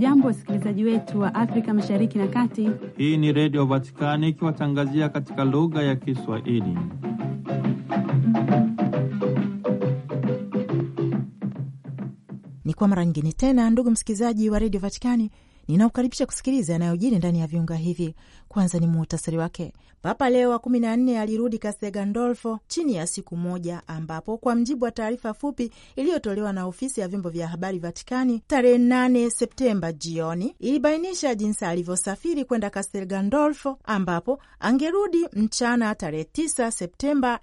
Hamjambo, wasikilizaji wetu wa Afrika mashariki na kati. Hii ni Redio Vatikani ikiwatangazia katika lugha ya Kiswahili. Ni kwa mara nyingine tena, ndugu msikilizaji wa Redio Vatikani, ninaokaribisha kusikiliza yanayojiri ndani ya viunga hivi. Kwanza ni muhtasari wake. Papa Leo wa kumi na nne alirudi Castel Gandolfo chini ya siku moja, ambapo kwa mjibu wa taarifa fupi iliyotolewa na ofisi ya vyombo vya habari Vatikani tarehe 8 Septemba jioni ilibainisha jinsi alivyosafiri kwenda Castel Gandolfo, ambapo angerudi mchana tarehe 9 Septemba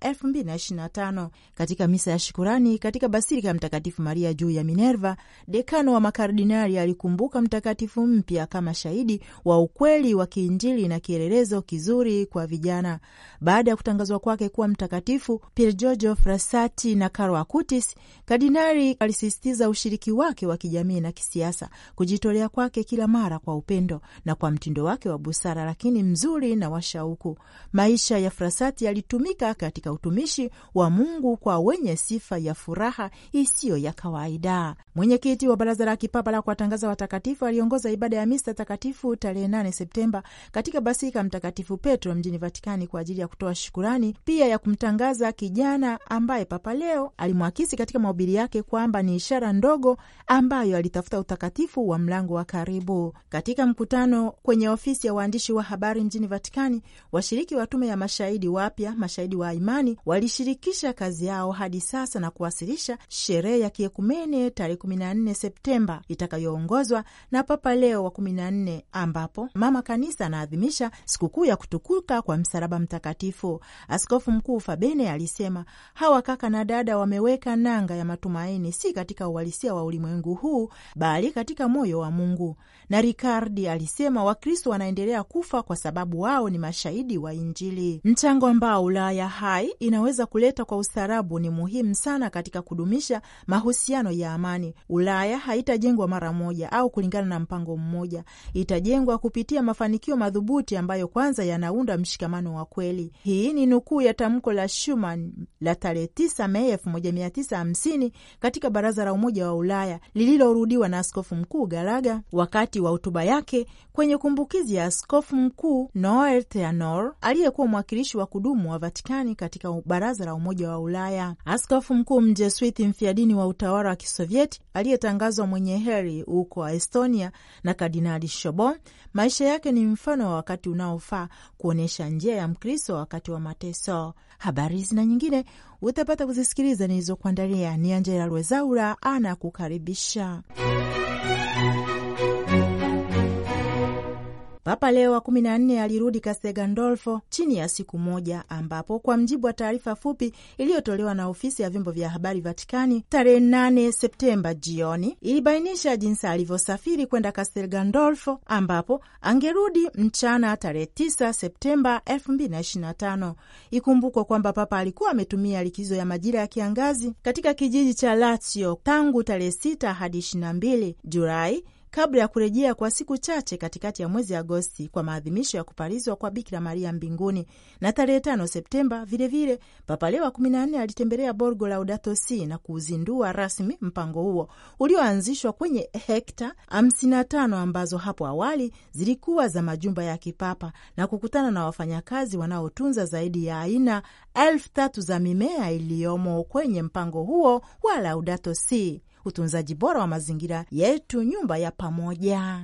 tano katika misa ya shukurani katika basilika ya Mtakatifu Maria juu ya Minerva. Dekano wa makardinali alikumbuka mtakatifu mpya kama shahidi wa ukweli wa kiinjili na na kielelezo kizuri kwa vijana. Baada ya kutangazwa kwake kuwa mtakatifu, pier Piergiorgio Frassati na Carlo Acutis, kardinali alisisitiza ushiriki wake wa kijamii na kisiasa, kujitolea kwake kila mara kwa upendo na kwa mtindo wake wa busara lakini mzuri na washauku Maisha ya Frassati yalitumika katika utumishi wa Mungu kwa wenye sifa ya furaha isiyo ya kawaida. Mwenyekiti wa Baraza la Kipapa la Kuwatangaza Watakatifu aliongoza ibada ya misa takatifu tarehe 8 Septemba katika Basika Mtakatifu Petro mjini Vatikani kwa ajili ya kutoa shukurani pia ya kumtangaza kijana ambaye Papa Leo alimwakisi katika mahubiri yake kwamba ni ishara ndogo ambayo alitafuta utakatifu wa mlango wa karibu. Katika mkutano kwenye ofisi ya waandishi wa habari mjini Vatikani, washiriki wa tume ya mashahidi wapya, mashahidi wa imani, walishirikisha kazi yao hadi sasa na kuwasilisha sherehe ya kiekumene tarehe 14 Septemba itakayoongozwa na Papa Leo wa 14 ambapo mama kanisa anaadhimisha kuadhimisha sikukuu ya kutukuka kwa msalaba mtakatifu. Askofu Mkuu Fabene alisema hawa kaka na dada wameweka nanga ya matumaini, si katika uhalisia wa ulimwengu huu, bali katika moyo wa Mungu. Na Rikardi alisema Wakristo wanaendelea kufa kwa sababu wao ni mashahidi wa Injili. Mchango ambao Ulaya hai inaweza kuleta kwa ustaarabu ni muhimu sana katika kudumisha mahusiano ya amani. Ulaya haitajengwa mara moja au kulingana na mpango mmoja, itajengwa kupitia mafanikio madhubuti yote ambayo kwanza yanaunda mshikamano wa kweli. Hii ni nukuu ya tamko la Schuman la tarehe 9 Mei 1950 katika Baraza la Umoja wa Ulaya lililorudiwa na Askofu Mkuu Garaga wakati wa hotuba yake kwenye kumbukizi ya Askofu Mkuu Noel Theanor aliyekuwa mwakilishi wa kudumu wa Vatikani katika Baraza la Umoja wa Ulaya. Askofu mkuu mjeswiti mfiadini wa utawala wa kisovieti aliyetangazwa mwenye heri huko Estonia na Kardinali Shobon. Maisha yake ni mfano wa wakati unaofaa kuonyesha njia ya Mkristo wakati wa mateso. Habari hizi na nyingine utapata kuzisikiliza nilizokuandalia. Ni Anjela Rwezaura ana kukaribisha Papa Leo wa kumi na nne alirudi Castel Gandolfo chini ya siku moja, ambapo kwa mjibu wa taarifa fupi iliyotolewa na ofisi ya vyombo vya habari Vatikani tarehe 8 Septemba jioni, ilibainisha jinsi alivyosafiri kwenda Castel Gandolfo ambapo angerudi mchana tarehe 9 Septemba 2025. Ikumbukwe kwamba Papa alikuwa ametumia likizo ya majira ya kiangazi katika kijiji cha Lazio tangu tarehe 6 hadi 22 Julai kabla ya kurejea kwa siku chache katikati ya mwezi Agosti kwa maadhimisho ya kupalizwa kwa Bikira Maria mbinguni, na tarehe 5 Septemba vilevile Papa Leo wa 14 alitembelea Borgo Laudato Si na kuuzindua rasmi mpango huo ulioanzishwa kwenye hekta 55 ambazo hapo awali zilikuwa za majumba ya kipapa na kukutana na wafanyakazi wanaotunza zaidi ya aina elfu tatu za mimea iliyomo kwenye mpango huo wa Laudato Si utunzaji bora wa mazingira yetu, nyumba ya pamoja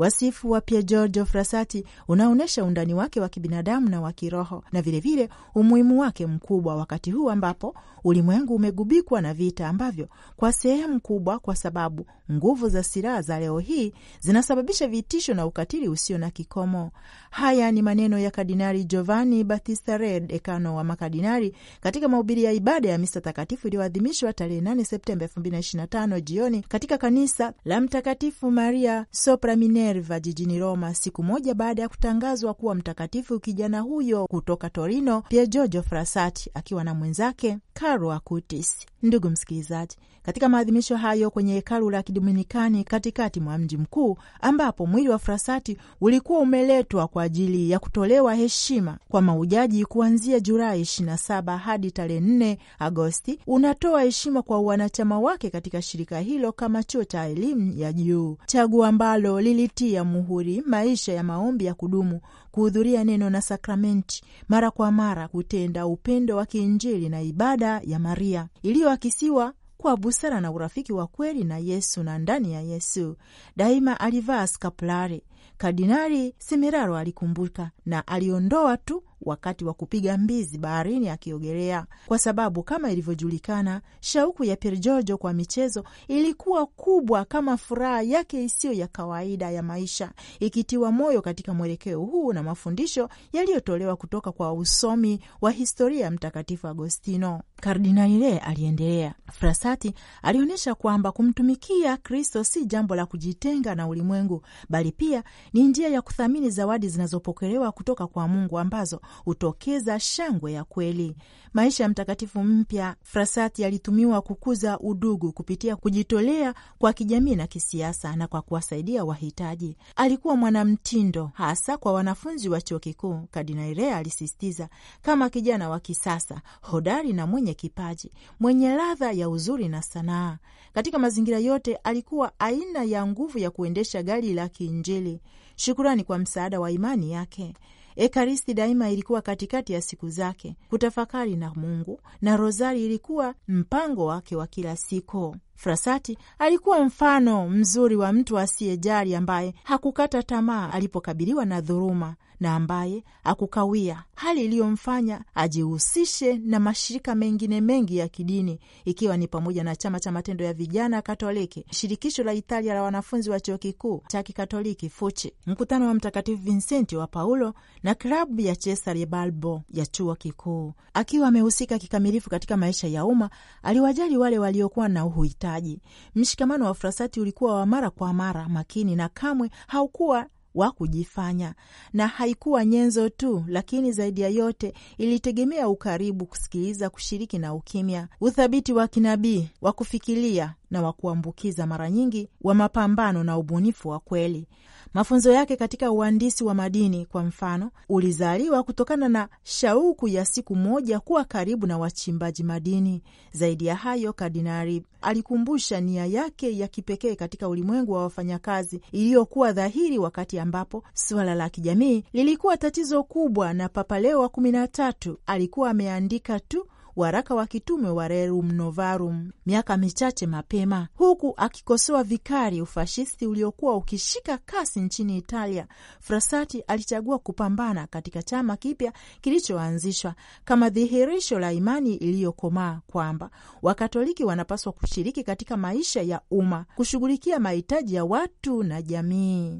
Wasifu wa Pier Giorgio Frassati unaonyesha undani wake wa kibinadamu na wa kiroho na vilevile umuhimu wake mkubwa wakati huu ambapo ulimwengu umegubikwa na vita ambavyo kwa sehemu kubwa, kwa sababu nguvu za silaha za leo hii zinasababisha vitisho na ukatili usio na kikomo. Haya ni maneno ya Kardinali Giovanni Battista Re, dekano wa makardinali, katika mahubiri ya ibada ya misa takatifu iliyoadhimishwa tarehe 8 Septemba 2025 jioni katika kanisa la Mtakatifu Maria Sopra Minerva Minerva jijini Roma, siku moja baada ya kutangazwa kuwa mtakatifu kijana huyo kutoka Torino, Piergiorgio Frassati akiwa na mwenzake Carlo Acutis. Ndugu msikilizaji, katika maadhimisho hayo kwenye hekalu la kidominikani katikati mwa mji mkuu, ambapo mwili wa Frasati ulikuwa umeletwa kwa ajili ya kutolewa heshima kwa maujaji, kuanzia Julai 27 hadi tarehe 4 Agosti, unatoa heshima kwa wanachama wake katika shirika hilo kama chuo cha elimu ya juu, chaguo ambalo lilitia muhuri maisha ya maombi ya kudumu, kuhudhuria neno na sakramenti mara kwa mara, kutenda upendo wa kiinjili na ibada ya Maria iliyoakisiwa kwa busara na urafiki wa kweli na Yesu na ndani ya Yesu. Daima alivaa skaplari, Kardinali Simiraro alikumbuka, na aliondoa tu wakati wa kupiga mbizi baharini akiogelea, kwa sababu kama ilivyojulikana, shauku ya Pier Giorgio kwa michezo ilikuwa kubwa kama furaha yake isiyo ya kawaida ya maisha, ikitiwa moyo katika mwelekeo huu na mafundisho yaliyotolewa kutoka kwa usomi wa historia ya Mtakatifu Agostino. Kardinali aliendelea. frasati alionyesha kwamba kumtumikia Kristo si jambo la kujitenga na ulimwengu, bali pia ni njia ya kuthamini zawadi zinazopokelewa kutoka kwa Mungu ambazo hutokeza shangwe ya kweli. Maisha ya mtakatifu mpya frasati alitumiwa kukuza udugu kupitia kujitolea kwa kijamii na kisiasa na kwa kuwasaidia wahitaji. Alikuwa mwanamtindo hasa kwa wanafunzi wa chuo kikuu, Kardinali alisisitiza, kama kijana wa kisasa hodari na mwenye mwenye kipaji, mwenye ladha ya uzuri na sanaa. Katika mazingira yote alikuwa aina ya nguvu ya kuendesha gari la kiinjili, shukurani kwa msaada wa imani yake. Ekaristi daima ilikuwa katikati ya siku zake, kutafakari na Mungu, na rozari ilikuwa mpango wake wa kila siku. Frasati alikuwa mfano mzuri wa mtu asiyejali ambaye hakukata tamaa alipokabiliwa na dhuruma na ambaye akukawia, hali iliyomfanya ajihusishe na mashirika mengine mengi ya kidini, ikiwa ni pamoja na chama cha matendo ya vijana Katoliki, shirikisho la Italia la wanafunzi wa chuo kikuu cha Kikatoliki FUCHI, mkutano wa Mtakatifu Vincenti wa Paulo na klabu ya Cesare Balbo ya chuo kikuu. Akiwa amehusika kikamilifu katika maisha ya umma, aliwajali wale waliokuwa na uhuita uwajibikaji. Mshikamano wa Frasati ulikuwa wa mara kwa mara, makini na kamwe haukuwa wa kujifanya, na haikuwa nyenzo tu, lakini zaidi ya yote ilitegemea ukaribu, kusikiliza, kushiriki na ukimya, uthabiti wa kinabii wa kufikiria na wa kuambukiza, mara nyingi wa mapambano na ubunifu wa kweli. Mafunzo yake katika uhandisi wa madini, kwa mfano, ulizaliwa kutokana na shauku ya siku moja kuwa karibu na wachimbaji madini. Zaidi ya hayo, kardinali alikumbusha nia yake ya kipekee katika ulimwengu wa wafanyakazi iliyokuwa dhahiri wakati ambapo suala la kijamii lilikuwa tatizo kubwa, na Papa Leo wa kumi na tatu alikuwa ameandika tu waraka wa kitume wa Rerum Novarum miaka michache mapema, huku akikosoa vikali ufashisti uliokuwa ukishika kasi nchini Italia. Frassati alichagua kupambana katika chama kipya kilichoanzishwa kama dhihirisho la imani iliyokomaa kwamba Wakatoliki wanapaswa kushiriki katika maisha ya umma, kushughulikia mahitaji ya watu na jamii.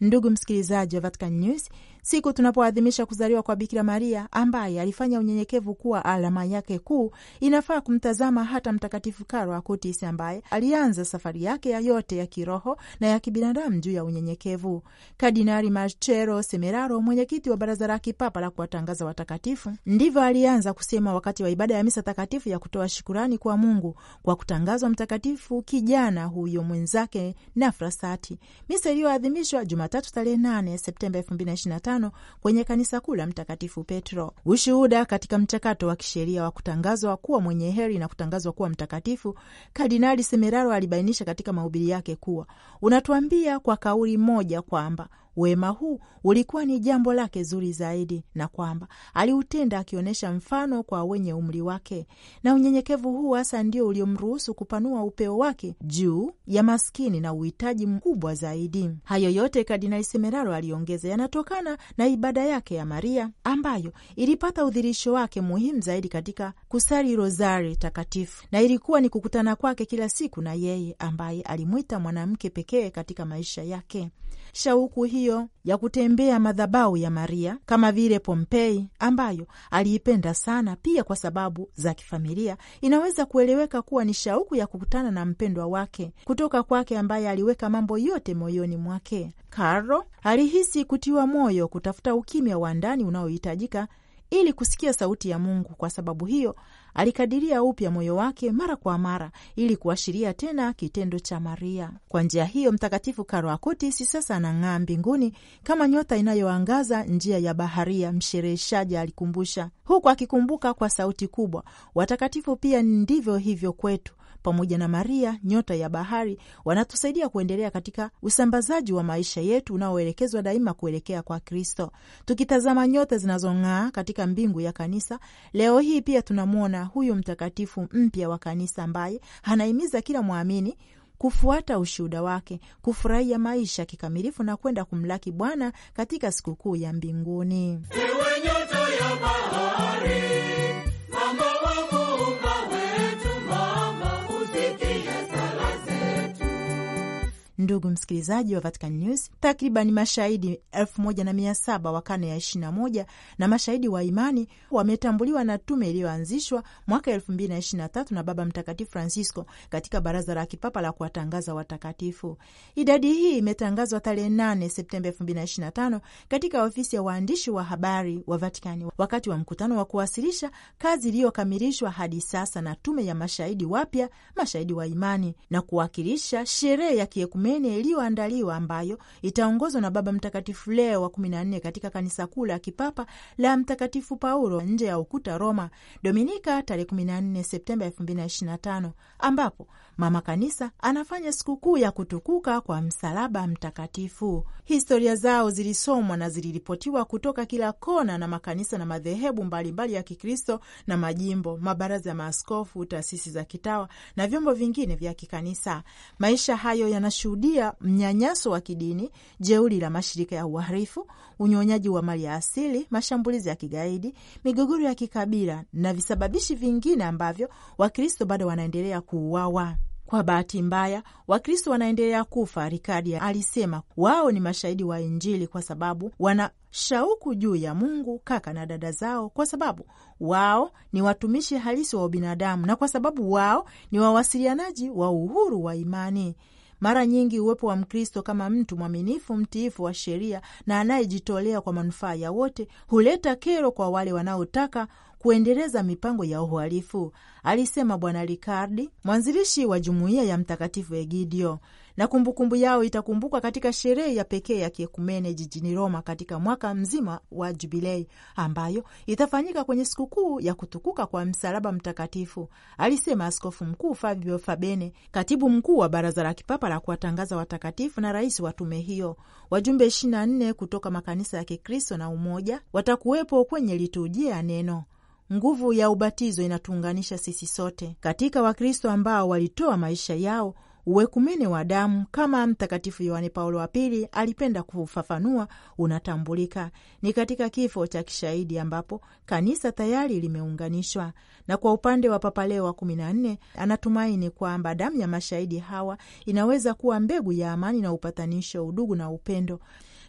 Ndugu msikilizaji wa Vatican News, siku tunapoadhimisha kuzaliwa kwa Bikira Maria ambaye alifanya unyenyekevu kuwa alama yake kuu, inafaa kumtazama hata Mtakatifu Karlo Acutis ambaye alianza safari yake ya yote ya kiroho na ya kibinadamu juu ya unyenyekevu. Kardinali Marcello Semeraro, mwenyekiti wa Baraza la Kipapa la Kuwatangaza Watakatifu, ndivyo alianza kusema wakati wa ibada ya misa takatifu ya kutoa shukurani kwa Mungu kwa kutangazwa mtakatifu kijana huyo mwenzake Nafrasati, misa iliyoadhimishwa Jumatatu tarehe 8 Septemba 2025 Jumatano kwenye kanisa kuu la Mtakatifu Petro. Ushuhuda katika mchakato wa kisheria wa kutangazwa kuwa mwenye heri na kutangazwa kuwa mtakatifu, Kardinali Semeraro alibainisha katika mahubiri yake kuwa unatuambia kwa kauli moja kwamba wema huu ulikuwa ni jambo lake zuri zaidi, na kwamba aliutenda akionyesha mfano kwa wenye umri wake, na unyenyekevu huu hasa ndio uliomruhusu kupanua upeo wake juu ya maskini na uhitaji mkubwa zaidi. Hayo yote Kardinali Semeraro aliongeza, yanatokana na ibada yake ya Maria ambayo ilipata udhirisho wake muhimu zaidi katika kusali rozari takatifu, na ilikuwa ni kukutana kwake kila siku na yeye ambaye alimwita mwanamke pekee katika maisha yake. Shauku hiyo hiyo ya kutembea madhabahu ya Maria kama vile Pompei ambayo aliipenda sana, pia kwa sababu za kifamilia inaweza kueleweka kuwa ni shauku ya kukutana na mpendwa wake kutoka kwake ambaye aliweka mambo yote moyoni mwake. karlo alihisi kutiwa moyo, kutafuta ukimya wa ndani unaohitajika ili kusikia sauti ya Mungu. Kwa sababu hiyo alikadiria upya moyo wake mara kwa mara ili kuashiria tena kitendo cha Maria. Kwa njia hiyo, Mtakatifu Karo Akutisi sasa anang'aa mbinguni kama nyota inayoangaza njia ya baharia. Mshereheshaji alikumbusha, huku akikumbuka kwa sauti kubwa. Watakatifu pia ndivyo hivyo kwetu, pamoja na Maria nyota ya bahari wanatusaidia kuendelea katika usambazaji wa maisha yetu unaoelekezwa daima kuelekea kwa Kristo. Tukitazama nyota zinazong'aa katika mbingu ya kanisa leo hii, pia tunamwona huyu mtakatifu mpya wa kanisa ambaye anahimiza kila mwamini kufuata ushuhuda wake, kufurahia maisha kikamilifu na kwenda kumlaki Bwana katika sikukuu ya mbinguni. Ewe nyota ya bahari Ndugu msikilizaji wa Vatican News, takriban mashahidi elfu moja na mia saba wa karne ya 21 na mashahidi wa imani wametambuliwa na tume iliyoanzishwa mwaka 2023 na Baba Mtakatifu Francisco katika Baraza la Kipapa la Kuwatangaza Watakatifu. Idadi hii imetangazwa tarehe 8 Septemba 2025 katika ofisi ya waandishi wa habari wa Vatikani wakati wa mkutano wa kuwasilisha kazi iliyokamilishwa hadi sasa na tume ya mashahidi wapya, mashahidi wa imani na kuwakilisha sherehe ya kiekumeni Kumene iliyoandaliwa ambayo itaongozwa na Baba Mtakatifu Leo wa 14 katika kanisa kuu la kipapa la Mtakatifu Paulo nje ya ukuta Roma, Dominika tarehe 14 Septemba 2025 ambapo Mama Kanisa anafanya sikukuu ya kutukuka kwa msalaba mtakatifu. Historia zao zilisomwa na ziliripotiwa kutoka kila kona na makanisa na madhehebu mbalimbali ya Kikristo na majimbo, mabaraza ya maaskofu, taasisi za kitawa na vyombo vingine vya kikanisa. Maisha hayo yanashuhudia mnyanyaso wa kidini, jeuri la mashirika ya uharifu, unyonyaji wa mali ya asili, mashambulizi ya kigaidi, migogoro ya kikabila na visababishi vingine ambavyo Wakristo bado wanaendelea kuuawa. Kwa bahati mbaya, Wakristo wanaendelea kufa, rikadi alisema. Wao ni mashahidi wa Injili kwa sababu wana shauku juu ya Mungu, kaka na dada zao, kwa sababu wao ni watumishi halisi wa ubinadamu, na kwa sababu wao ni wawasilianaji wa uhuru wa imani. Mara nyingi uwepo wa Mkristo kama mtu mwaminifu, mtiifu wa sheria na anayejitolea kwa manufaa ya wote huleta kero kwa wale wanaotaka kuendeleza mipango ya uhalifu alisema Bwana Ricardi, mwanzilishi wa jumuiya ya Mtakatifu Egidio, na kumbukumbu yao itakumbukwa katika sherehe ya pekee ya kiekumene jijini Roma katika mwaka mzima wa Jubilei ambayo itafanyika kwenye sikukuu ya kutukuka kwa msalaba mtakatifu, alisema Askofu Mkuu Fabio Fabene, katibu mkuu wa Baraza la Kipapa la kuwatangaza watakatifu na rais wa tume hiyo. Wajumbe 24 kutoka makanisa ya Kikristo na Umoja watakuwepo kwenye liturujia ya neno. Nguvu ya ubatizo inatuunganisha sisi sote katika Wakristo ambao walitoa maisha yao uwekumene wa damu kama Mtakatifu Yohane Paulo wa Pili alipenda kufafanua, unatambulika ni katika kifo cha kishahidi ambapo kanisa tayari limeunganishwa. Na kwa upande wa Papa Leo wa kumi na nne, anatumaini kwamba damu ya mashahidi hawa inaweza kuwa mbegu ya amani na upatanisho, udugu na upendo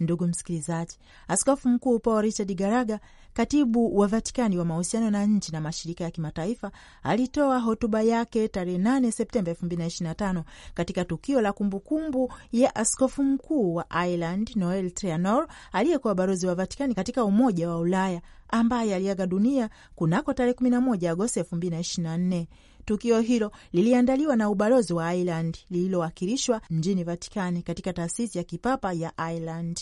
Ndugu msikilizaji, askofu mkuu Paul Richard Garaga, katibu wa Vatikani wa mahusiano na nchi na mashirika ya kimataifa, alitoa hotuba yake tarehe 8 Septemba 2025 katika tukio la kumbukumbu ya askofu mkuu wa Ireland Noel trianor aliyekuwa balozi wa Vatikani katika Umoja wa Ulaya ambaye aliaga dunia kunako tarehe 11 Agosti 2024. Tukio hilo liliandaliwa na ubalozi wa Ireland lililowakilishwa mjini Vatikani katika taasisi ya kipapa ya Ireland.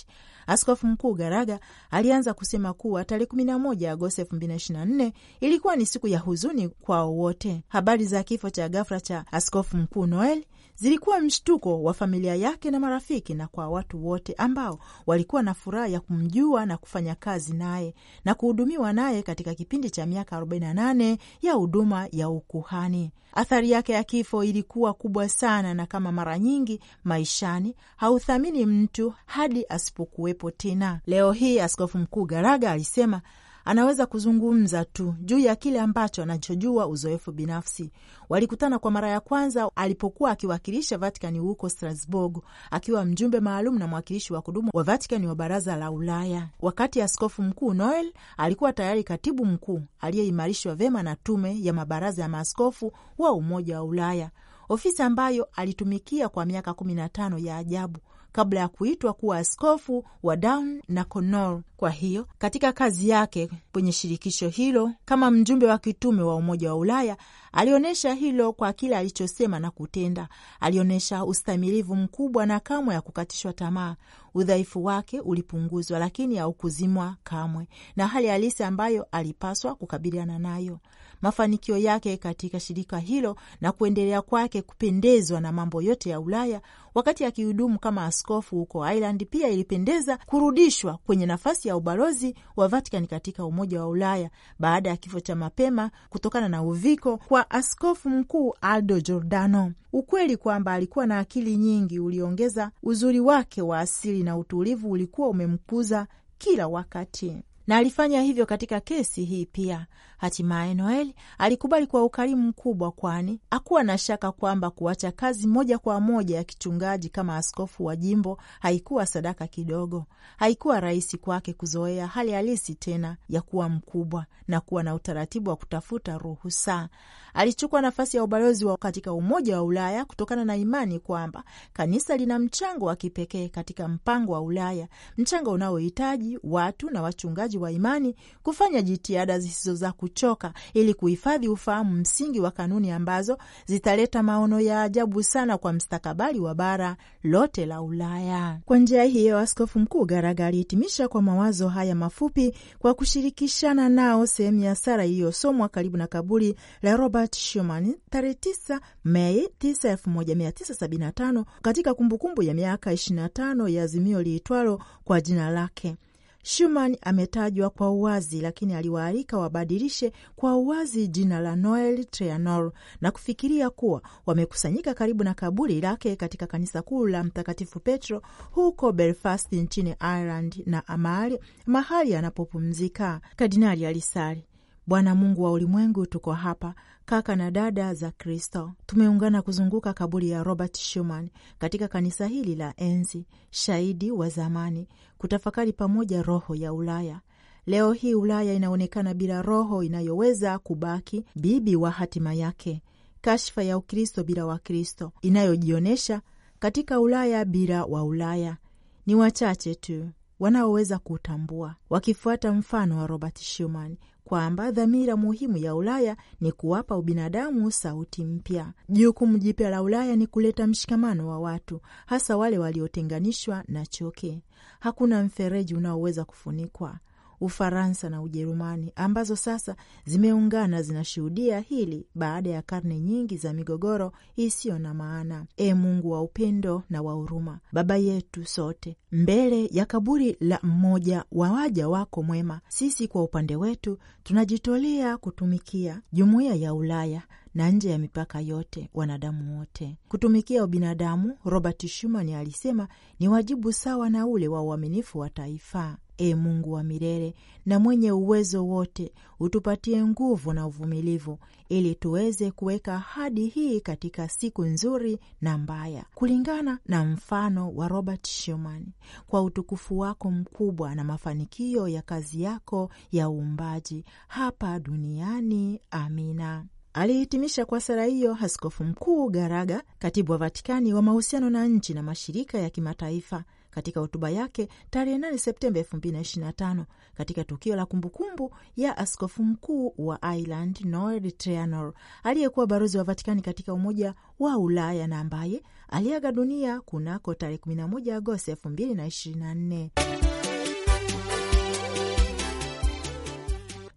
Askofu Mkuu Garaga alianza kusema kuwa tarehe 11 Agosti 2024 ilikuwa ni siku ya huzuni kwao wote. Habari za kifo cha ghafla cha askofu mkuu Noel zilikuwa mshtuko wa familia yake na marafiki na kwa watu wote ambao walikuwa na furaha ya kumjua na kufanya kazi naye na kuhudumiwa naye katika kipindi cha miaka 48 ya huduma ya ukuhani. Athari yake ya kifo ilikuwa kubwa sana, na kama mara nyingi maishani, hauthamini mtu hadi asipokuwepo tena. Leo hii Askofu Mkuu Garaga alisema anaweza kuzungumza tu juu ya kile ambacho anachojua, uzoefu binafsi. Walikutana kwa mara ya kwanza alipokuwa akiwakilisha Vatikani huko Strasbourg, akiwa mjumbe maalum na mwakilishi wa kudumu wa Vatikani wa Baraza la Ulaya, wakati askofu mkuu Noel alikuwa tayari katibu mkuu aliyeimarishwa vema na tume ya mabaraza ya maaskofu wa Umoja wa Ulaya, ofisi ambayo alitumikia kwa miaka kumi na tano ya ajabu kabla ya kuitwa kuwa askofu wa Down na Connor. Kwa hiyo katika kazi yake kwenye shirikisho hilo kama mjumbe wa kitume wa Umoja wa Ulaya alionyesha hilo kwa kile alichosema na kutenda. Alionyesha ustamilivu mkubwa na kamwe ya kukatishwa tamaa, udhaifu wake ulipunguzwa, lakini haukuzimwa kamwe na hali halisi ambayo alipaswa kukabiliana nayo. Mafanikio yake katika shirika hilo na kuendelea kwake kupendezwa na mambo yote ya Ulaya wakati akihudumu kama askofu huko Ireland pia ilipendeza kurudishwa kwenye nafasi ya ubalozi wa Vatican katika Umoja wa Ulaya baada ya kifo cha mapema kutokana na uviko kwa askofu mkuu Aldo Giordano. Ukweli kwamba alikuwa na akili nyingi uliongeza uzuri wake wa asili na utulivu ulikuwa umemkuza kila wakati na alifanya hivyo katika kesi hii pia. Hatimaye Noel alikubali kwa ukarimu mkubwa, kwani hakuwa na shaka kwamba kuacha kazi moja kwa moja ya kichungaji kama askofu wa jimbo haikuwa sadaka kidogo. Haikuwa rahisi kwake kuzoea hali halisi tena ya kuwa mkubwa na kuwa na utaratibu wa kutafuta ruhusa. Alichukua nafasi ya ubalozi wa katika Umoja wa Ulaya kutokana na imani kwamba kanisa lina mchango wa kipekee katika mpango wa Ulaya, mchango unaohitaji watu na wachungaji wakosoaji wa imani kufanya jitihada zisizo za kuchoka ili kuhifadhi ufahamu msingi wa kanuni ambazo zitaleta maono ya ajabu sana kwa mstakabali wa bara lote la Ulaya. Kwa njia hiyo, Askofu Mkuu Garaga alihitimisha kwa mawazo haya mafupi kwa kushirikishana nao sehemu ya sara iliyosomwa karibu na kaburi la Robert shuman tarehe 9 Mei 9, 1975 katika kumbukumbu ya miaka 25 ya azimio liitwalo kwa jina lake. Schumann ametajwa kwa uwazi, lakini aliwaalika wabadilishe kwa uwazi jina la Noel Trianor na kufikiria kuwa wamekusanyika karibu na kaburi lake katika kanisa kuu la Mtakatifu Petro huko Belfast nchini Ireland na amali mahali anapopumzika. Kardinali alisali: Bwana Mungu wa ulimwengu, tuko hapa kaka na dada za Kristo, tumeungana kuzunguka kaburi ya Robert schuman katika kanisa hili la enzi, shahidi wa zamani, kutafakari pamoja roho ya Ulaya. Leo hii Ulaya inaonekana bila roho inayoweza kubaki bibi wa hatima yake, kashfa ya Ukristo bila Wakristo, inayojionyesha katika Ulaya bila wa Ulaya. Ni wachache tu wanaoweza kutambua, wakifuata mfano wa Robert Schumann, kwamba dhamira muhimu ya Ulaya ni kuwapa ubinadamu sauti mpya. Jukumu jipya la Ulaya ni kuleta mshikamano wa watu, hasa wale waliotenganishwa na choke. Hakuna mfereji unaoweza kufunikwa. Ufaransa na Ujerumani ambazo sasa zimeungana zinashuhudia hili baada ya karne nyingi za migogoro isiyo na maana. E Mungu wa upendo na wa huruma, Baba yetu sote, mbele ya kaburi la mmoja wa waja wako mwema, sisi kwa upande wetu tunajitolea kutumikia jumuiya ya Ulaya na nje ya mipaka yote, wanadamu wote. Kutumikia ubinadamu, Robert Schuman alisema, ni wajibu sawa na ule wa uaminifu wa taifa. E Mungu wa milele na mwenye uwezo wote, utupatie nguvu na uvumilivu ili tuweze kuweka ahadi hii katika siku nzuri na mbaya, kulingana na mfano wa Robert shuman kwa utukufu wako mkubwa na mafanikio ya kazi yako ya uumbaji hapa duniani. Amina. Alihitimisha kwa sala hiyo Askofu Mkuu Garaga, katibu wa Vatikani wa mahusiano na nchi na mashirika ya kimataifa katika hotuba yake tarehe 8 Septemba 2025 katika tukio la kumbukumbu ya askofu mkuu wa Ireland Noel Treanor aliyekuwa balozi wa Vatikani katika Umoja wa Ulaya na ambaye aliaga dunia kunako tarehe 11 Agosti 2024.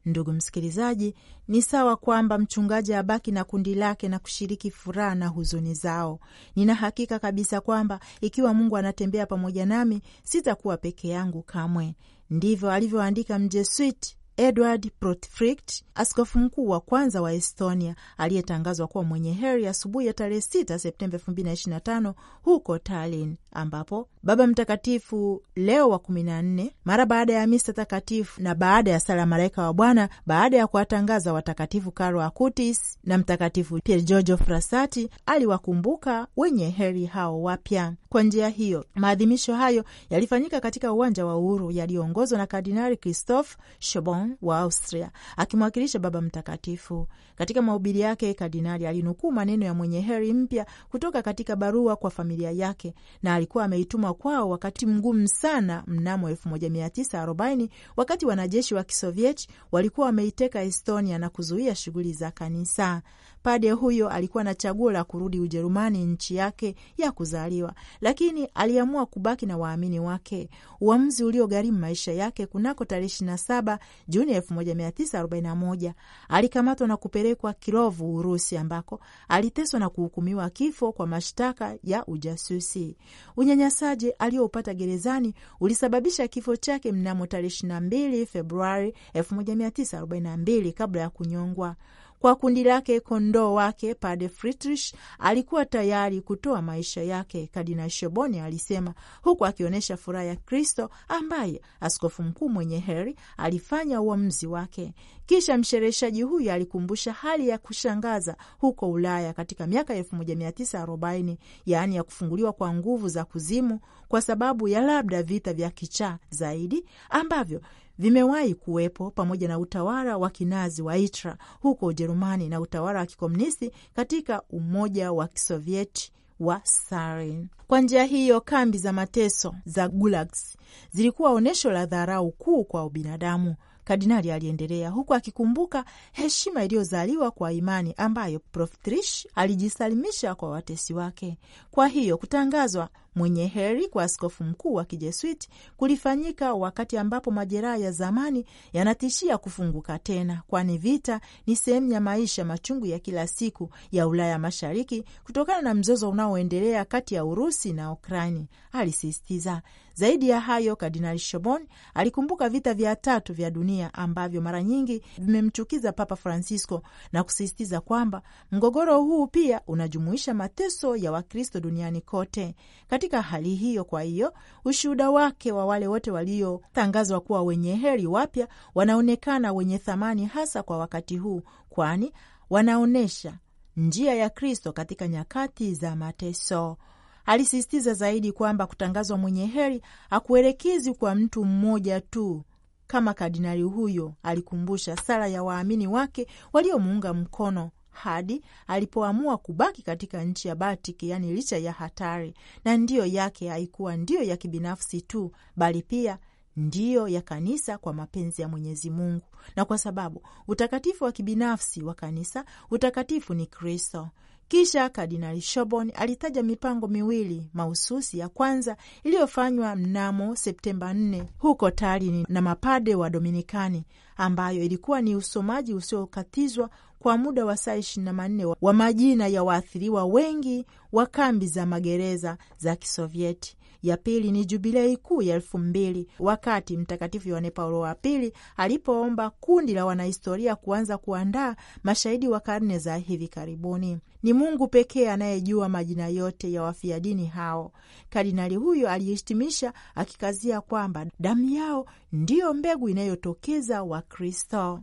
Ndugu msikilizaji, ni sawa kwamba mchungaji abaki na kundi lake na kushiriki furaha na huzuni zao. Nina hakika kabisa kwamba ikiwa Mungu anatembea pamoja nami, sitakuwa peke yangu kamwe. Ndivyo alivyoandika Mjesuiti Edward protfrict askofu mkuu wa kwanza wa Estonia aliyetangazwa kuwa mwenye heri asubuhi ya tarehe 6 Septemba 2025 huko Tallinn, ambapo Baba Mtakatifu Leo wa 14 mara baada ya misa takatifu na baada ya sala malaika wa Bwana, baada ya kuwatangaza watakatifu Carlo Acutis na Mtakatifu Pier Giorgio Frassati, aliwakumbuka wenye heri hao wapya. Kwa njia hiyo, maadhimisho hayo yalifanyika katika uwanja wa Uhuru, yaliyoongozwa na Kardinali Christophe Chobon Urban wa Austria akimwakilisha Baba Mtakatifu. Katika mahubiri yake, kardinali alinukuu maneno ya mwenye heri mpya kutoka katika barua kwa familia yake, na alikuwa ameituma kwao wakati mgumu sana mnamo 1940 wakati wanajeshi wa Kisovieti walikuwa wameiteka Estonia na kuzuia shughuli za kanisa. Pade huyo alikuwa na chaguo la kurudi Ujerumani, nchi yake ya kuzaliwa, lakini aliamua kubaki na waamini wake, uamuzi uliogharimu maisha yake kunako tarehe 27 Juni 1941 alikamatwa na kupelekwa Kirovu, Urusi, ambako aliteswa na kuhukumiwa kifo kwa mashtaka ya ujasusi. Unyanyasaji aliyoupata gerezani ulisababisha kifo chake mnamo tarehe 22 Februari 1942 kabla ya kunyongwa kwa kundi lake kondoo wake. Pade fritrich alikuwa tayari kutoa maisha yake, kadina shoboni alisema, huku akionyesha furaha ya Kristo ambaye askofu mkuu mwenye heri alifanya uamuzi wake. Kisha mshereheshaji huyu alikumbusha hali ya kushangaza huko Ulaya katika miaka 1940 yaani ya kufunguliwa kwa nguvu za kuzimu kwa sababu ya labda vita vya kichaa zaidi ambavyo vimewahi kuwepo pamoja na utawala wa kinazi wa Hitler huko Ujerumani na utawala wa kikomunisti katika Umoja wa Kisovieti wa Sarin. Kwa njia hiyo, kambi za mateso za gulags zilikuwa onyesho la dharau kuu kwa ubinadamu kardinali aliendelea, huku akikumbuka heshima iliyozaliwa kwa imani ambayo Profitrish alijisalimisha kwa watesi wake. Kwa hiyo kutangazwa mwenye heri kwa askofu mkuu wa Kijesuiti kulifanyika wakati ambapo majeraha ya zamani yanatishia kufunguka tena, kwani vita ni sehemu ya maisha machungu ya kila siku ya Ulaya Mashariki kutokana na mzozo unaoendelea kati ya Urusi na Ukraini, alisisitiza. Zaidi ya hayo, Kardinali Shobon alikumbuka vita vya tatu vya dunia ambavyo mara nyingi vimemchukiza Papa Francisco na kusisitiza kwamba mgogoro huu pia unajumuisha mateso ya Wakristo duniani kote. Katika hali hiyo, kwa hiyo ushuhuda wake wa wale wote waliotangazwa kuwa wenye heri wapya wanaonekana wenye thamani hasa kwa wakati huu, kwani wanaonyesha njia ya Kristo katika nyakati za mateso. Alisisitiza zaidi kwamba kutangazwa mwenye heri hakuelekezi kwa mtu mmoja tu kama kardinali huyo alikumbusha sala ya waamini wake waliomuunga mkono hadi alipoamua kubaki katika nchi ya Baltiki, yaani licha ya hatari. Na ndiyo yake haikuwa ndiyo ya kibinafsi tu, bali pia ndiyo ya kanisa kwa mapenzi ya Mwenyezi Mungu, na kwa sababu utakatifu wa kibinafsi wa kanisa, utakatifu ni Kristo. Kisha Kardinali Shobon alitaja mipango miwili mahususi. Ya kwanza iliyofanywa mnamo Septemba 4 huko Tallinn na mapade wa Dominikani, ambayo ilikuwa ni usomaji usiokatizwa kwa muda wa saa ishirini na manne wa majina ya waathiriwa wengi wa kambi za magereza za Kisovyeti ya pili ni jubilei kuu ya elfu mbili wakati Mtakatifu Yohane Paulo wa Pili alipoomba kundi la wanahistoria kuanza kuandaa mashahidi wa karne za hivi karibuni. Ni Mungu pekee anayejua majina yote ya wafia dini hao. Kardinali huyo alihitimisha akikazia kwamba damu yao ndiyo mbegu inayotokeza Wakristo.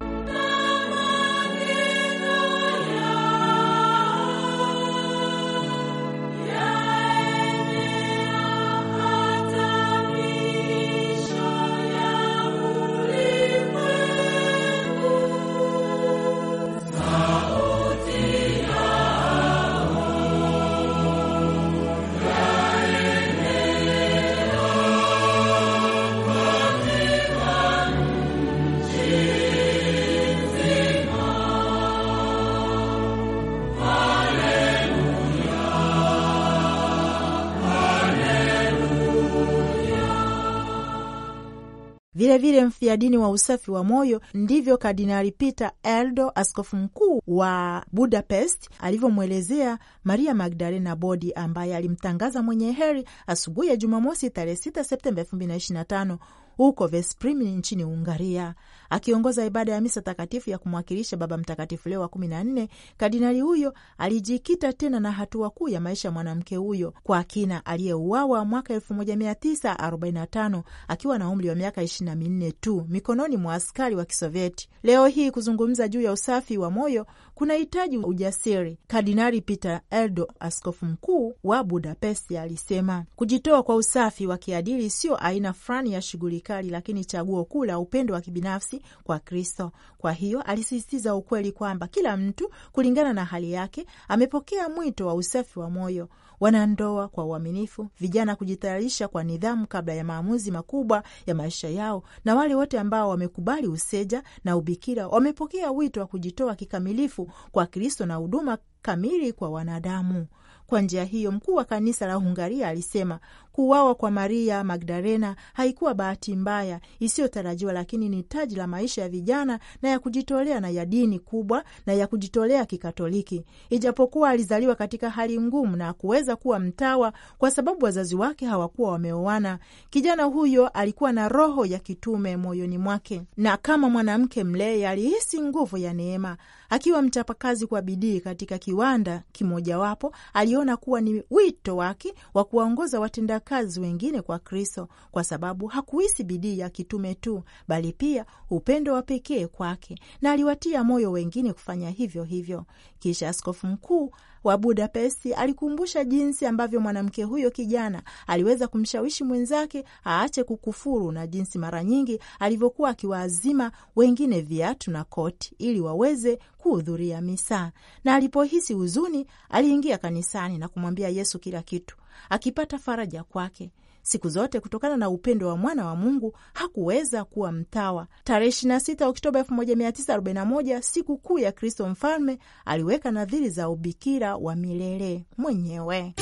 vilevile mfiadini wa usafi wa moyo. Ndivyo Kardinali Peter Eldo, askofu mkuu wa Budapest, alivyomwelezea Maria Magdalena Bodi ambaye alimtangaza mwenye heri asubuhi ya Jumamosi tarehe 6 Septemba 2025 huko Veszprim nchini ungaria Akiongoza ibada ya misa takatifu ya kumwakilisha Baba Mtakatifu Leo wa kumi na nne, kardinali huyo alijikita tena na hatua kuu ya maisha ya mwanamke huyo kwa kina, aliyeuawa mwaka 1945 akiwa na umri wa miaka 24 tu mikononi mwa askari wa Kisovieti. Leo hii kuzungumza juu ya usafi wa moyo kunahitaji ujasiri, Kardinali Peter Eldo, askofu mkuu wa Budapesti, alisema. Kujitoa kwa usafi wa kiadili sio aina fulani ya shughuli serikali, lakini chaguo kuu la upendo wa kibinafsi kwa Kristo. Kwa hiyo alisisitiza ukweli kwamba kila mtu kulingana na hali yake amepokea mwito wa usafi wa moyo, wanandoa kwa uaminifu, vijana kujitayarisha kwa nidhamu kabla ya maamuzi makubwa ya maisha yao, na wale wote ambao wamekubali useja na ubikira wamepokea wito wa kujitoa kikamilifu kwa Kristo na huduma kamili kwa wanadamu. Kwa njia hiyo, mkuu wa kanisa la Hungaria alisema Kuuawa kwa Maria Magdalena haikuwa bahati mbaya isiyotarajiwa, lakini ni taji la maisha ya vijana na ya kujitolea na ya dini kubwa na ya kujitolea Kikatoliki. Ijapokuwa alizaliwa katika hali ngumu na kuweza kuwa mtawa kwa sababu wazazi wake hawakuwa wameoana, kijana huyo alikuwa na roho ya kitume moyoni mwake, na kama mwanamke mlei alihisi nguvu ya neema. Akiwa mchapakazi kwa bidii katika kiwanda kimojawapo, aliona kuwa ni wito wake wa kuwaongoza watenda wafanyakazi wengine kwa Kristo, kwa sababu hakuhisi bidii ya kitume tu, bali pia upendo wa pekee kwake, na aliwatia moyo wengine kufanya hivyo hivyo. Kisha askofu mkuu wa Budapesti alikumbusha jinsi ambavyo mwanamke huyo kijana aliweza kumshawishi mwenzake aache kukufuru na jinsi mara nyingi alivyokuwa akiwaazima wengine viatu na koti ili waweze kuhudhuria misa. Na alipohisi huzuni, aliingia kanisani na kumwambia Yesu kila kitu akipata faraja kwake siku zote kutokana na upendo wa mwana wa Mungu. Hakuweza kuwa mtawa. Tarehe 26 Oktoba 1941 siku kuu ya Kristo Mfalme, aliweka nadhiri za ubikira wa milele mwenyewe.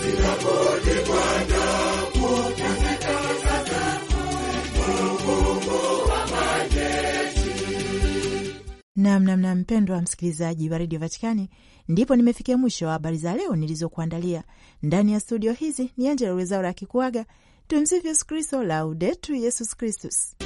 Namnamna mpendwa msikilizaji wa redio Vatikani ndipo nimefikia mwisho wa habari za leo nilizokuandalia. Ndani ya studio hizi ni Angela Rwezaura akikuaga. Tumsifu Yesu Kristo, Laudetu Yesus Kristus.